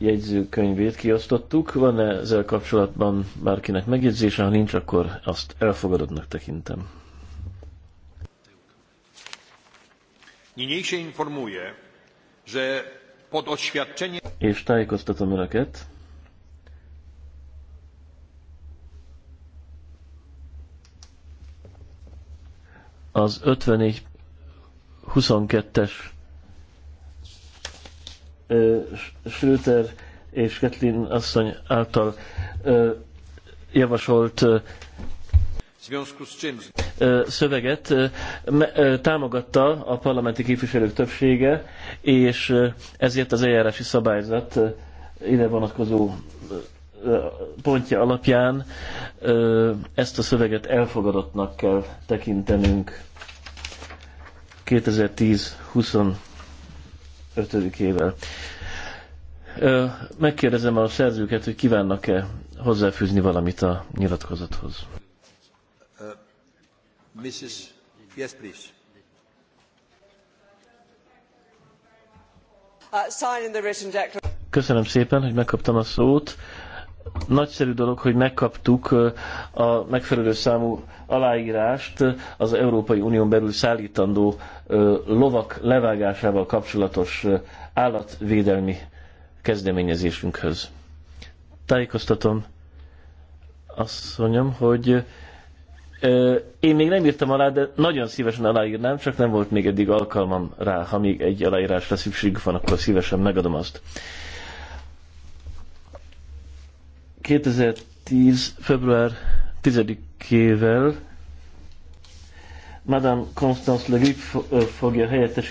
jegyzőkönyvét kiosztottuk. Van -e ezzel kapcsolatban bárkinek megjegyzése? Ha nincs, akkor azt elfogadottnak tekintem. Niniejsze informuje, że pod oświadczenie... És tájékoztatom Önöket, az 54 22-es Schröter és Ketlin asszony által javasolt szöveget támogatta a parlamenti képviselők többsége, és ezért az eljárási szabályzat ide vonatkozó pontja alapján ezt a szöveget elfogadottnak kell tekintenünk 2010 20 5-ével. Megkérdezem a szerzőket, hogy kívánnak-e hozzáfűzni valamit a nyilatkozathoz. Mrs. Yes, please. Uh, Köszönöm szépen, hogy megkaptam a szót. Nagyszerű dolog, hogy megkaptuk a megfelelő számú aláírást az Európai Unión belül szállítandó lovak levágásával kapcsolatos állatvédelmi kezdeményezésünkhöz. Tájékoztatom azt mondjam, hogy én még nem írtam alá, de nagyon szívesen aláírnám, csak nem volt még eddig alkalmam rá. Ha még egy aláírásra szükség van, akkor szívesen megadom azt. 2010. február 10-ével Madame Constance Le Grip fogja helyettesíteni